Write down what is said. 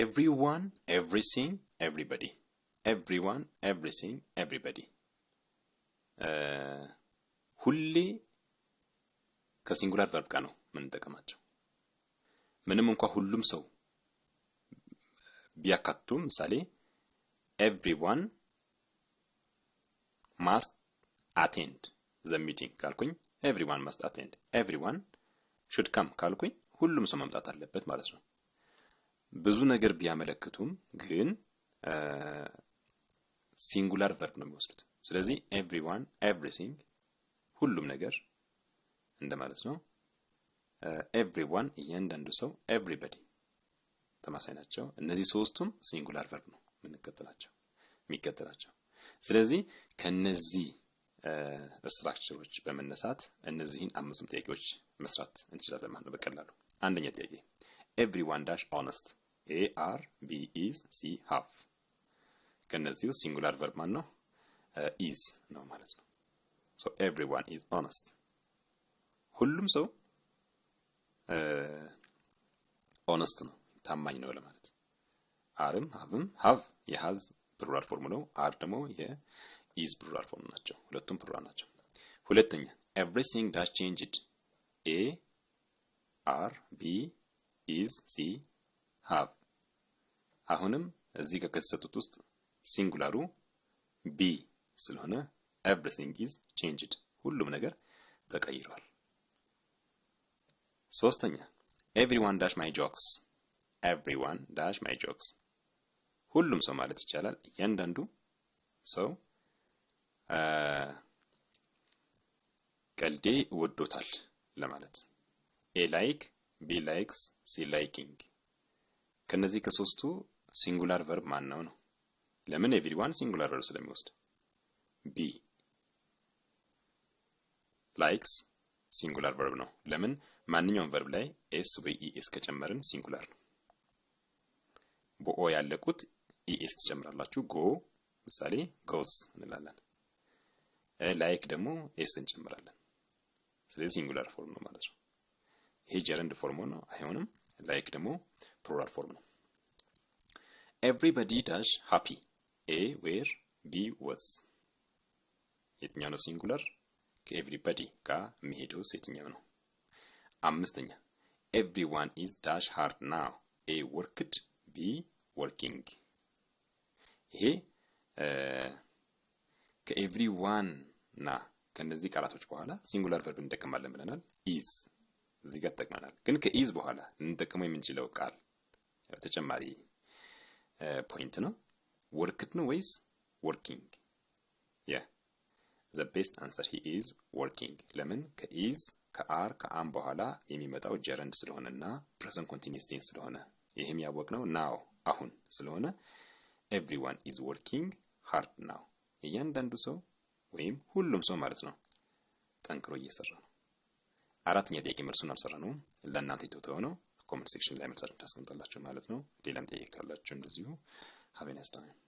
ኤቭሪዋን ኤቭሪሲንግ ኤቭሪበዲ ኤቭሪዋን ኤቭሪሲንግ ኤቭሪበዲ ሁሌ ከሲንጉላር ቨርብ ጋር ነው የምንጠቀማቸው። ምንም እንኳ ሁሉም ሰው ቢያካቱም፣ ምሳሌ ኤቭሪዋን ማስት አቴንድ ዘ ሚቲንግ ካልኩኝ ኤቭሪዋን ማስት አቴንድ፣ ኤቭሪዋን ሹድ ካም ካልኩኝ ሁሉም ሰው መምጣት አለበት ማለት ነው። ብዙ ነገር ቢያመለክቱም ግን ሲንጉላር ቨርብ ነው የሚወስዱት። ስለዚህ ኤቭሪዋን፣ ኤቭሪሲንግ ሁሉም ነገር እንደማለት ነው። ኤቭሪዋን እያንዳንዱ ሰው፣ ኤቭሪበዲ ተማሳይ ናቸው። እነዚህ ሶስቱም ሲንጉላር ቨርብ ነው የምንቀጥላቸው የሚቀጥላቸው። ስለዚህ ከነዚህ ስትራክቸሮች በመነሳት እነዚህን አምስቱም ጥያቄዎች መስራት እንችላለን ማለት ነው በቀላሉ። አንደኛ ጥያቄ ኤቭሪዋን ዳሽ ኦነስት ኤ አር ቢ ኢዝ ሲ ሃቭ። ከነዚሁ ውስጥ ሲንጉላር ቨርብ ማን ነው? ኢዝ ነው ማለት ነው። ሶ ኤቭሪዋን ኢዝ ኦነስት፣ ሁሉም ሰው ኦነስት uh, ነው ታማኝ ነው ለማለት። አርም ሀብም ሀቭ የሀዝ ፕሉራል ፎርም ነው። አር ደግሞ የኢዝ ፕሉራል ፎርም ናቸው። ሁለቱም ፕሉራል ናቸው። ሁለተኛ ኤቭሪሲንግ ዳት ቼንጅድ ኤ አር ቢ ኢዝ ሲ ሃቭ። አሁንም እዚህ ጋር ከተሰጡት ውስጥ ሲንጉላሩ ቢ ስለሆነ ኤቭሪቲንግ ኢዝ ቼንጅድ፣ ሁሉም ነገር ተቀይሯል። ሶስተኛ ኤቭሪዋን ዳሽ ማይ ጆክስ፣ ኤቭሪዋን ዳሽ ማይ ጆክስ፣ ሁሉም ሰው ማለት ይቻላል እያንዳንዱ ሰው ቀልዴ ወዶታል ለማለት ኤ ላይክ ቢ ላይክስ ሲ ላይኪንግ ከነዚህ ከሶስቱ ሲንጉላር ቨርብ ማነው ነው? ለምን ኤቭሪዋን ሲንጉላር ቨርብ ስለሚወስድ። ቢ ላይክስ ሲንጉላር ቨርብ ነው። ለምን ማንኛውም ቨርብ ላይ ኤስ ወይ ኢኤስ e ከጨመርን ሲንጉላር ነው። በኦ ያለቁት ኢኤስ e ትጨምራላችሁ። ጎ ምሳሌ ጎዝ እንላለን። ላይክ ደግሞ ኤስ እንጨምራለን። ስለዚህ ሲንጉላር ፎርም ነው ማለት ነው። ይሄ ጀረንድ ፎርም ነው፣ አይሆንም። ላይክ ደግሞ ፕሉራል ፎርም ነው። ኤቭሪባዲ ዳሽ ሃፒ ኤ ዌር ቢ ወዝ የትኛው ነው ሲንጉለር? ከኤቭሪባዲ ጋር የሚሄደው የትኛው ነው? አምስተኛ ኤቭሪዋን ኢዝ ዳሽ ሃርድ ናው ኤ ወርክድ ቢ ወርኪንግ ይሄ ከኤቭሪዋን ና ከነዚህ ቃላቶች በኋላ ሲንጉላር ቨርብ እንጠቀማለን ብለናል። ኢዝ እዚህ ጋር ተጠቅመናል። ግን ከኢዝ በኋላ ልንጠቀመው የምንችለው ቃል ተጨማሪ ፖይንት ነው። ወርክት ነው ወይስ ወርኪንግ? ያ ዘ ቤስት አንሰር ሂ ኢዝ ወርኪንግ። ለምን ከኢዝ ከአር ከአም በኋላ የሚመጣው ጀረንድ ስለሆነና ፕሬዘንት ኮንቲኒስ ቴንስ ስለሆነ ይህም ያወቅነው ናው አሁን ስለሆነ ኤቭሪዋን ኢዝ ወርኪንግ ሃርድ ናው፣ እያንዳንዱ ሰው ወይም ሁሉም ሰው ማለት ነው ጠንክሮ እየሰራ ነው። አራተኛ ጥያቄ መልሱን አልሰራ ነው ለእናንተ የተውተው ነው። ኮመንት ሴክሽን ላይ መልሳችሁን ታስቀምጣላችሁ ማለት ነው። ሌላም ጥያቄ ካላችሁ እንደዚሁ ሀቤነስታይም